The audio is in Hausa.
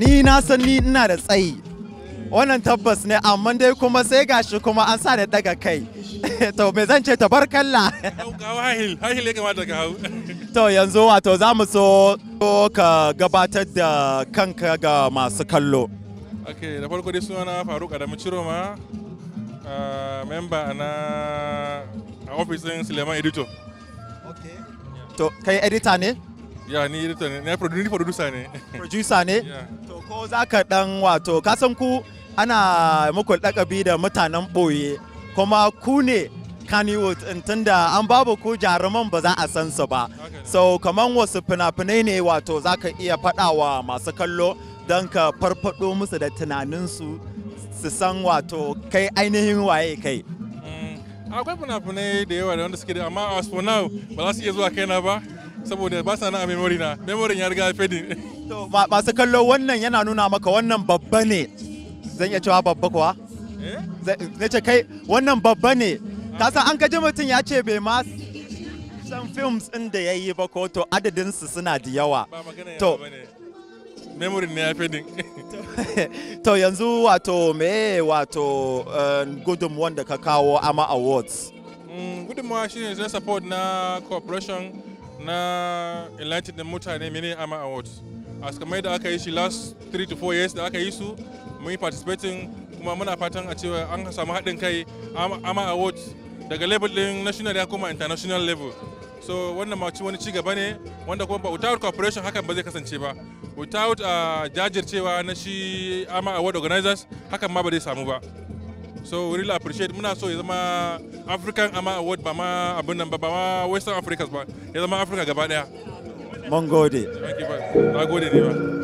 ni na san ni ina da tsayi wannan tabbas ne amma dai kuma sai gashi kuma an sa da daga kai to me zan ce ta barkalla to yanzu wato za mu so ka gabatar da kanka ga masu kallo ok da farko dai suna faruk adamu ciroma memba na a ofisin suleiman editor to kai edita ne ya ni editor ne ni producer ne producer ne to ko zaka dan wato ka san ku ana muku lakabi da mutanen boye kuma ku ne Kannywood tunda an babu ku jaruman ba za a san su ba so kaman wasu fina-finai ne wato zaka iya faɗawa masu kallo don ka farfado musu da tunaninsu su san wato kai ainihin waye kai mm, akwai fina-finai da yawa da wanda suke da amma as for now ba za su iya zuwa kaina ba saboda ba sa nan a memory na memory ya riga fading to masu kallo wannan yana nuna maka wannan babba ne zan iya cewa babba kuwa na eh? ce kai wannan babba ne ka san an kaji mutum ya ce bai ma san films din da ya yi ba ko to adadin su suna da yawa to memory ne ya fadin to yanzu wato me wato eh, gudunmuwan wanda ka kawo ama awards mm, gudunmuwa shine na support na cooperation na enlighten mutane mini ama awards as kamar da aka yi shi last 3 to 4 years da aka yi su mun yi participating kuma muna fatan a cewa an samu haɗin kai ama awards daga level din national ya koma international level so wannan ma wani ci gaba ne wanda kuma ba without cooperation hakan ba zai kasance ba without ah, jajircewa na shi ama award organizers hakan ma ba zai samu ba so we really appreciate muna so ya zama african ama award ba ma abin nan ba ba ma western africans ba ya zama africa gaba daya mun gode na gode ne ba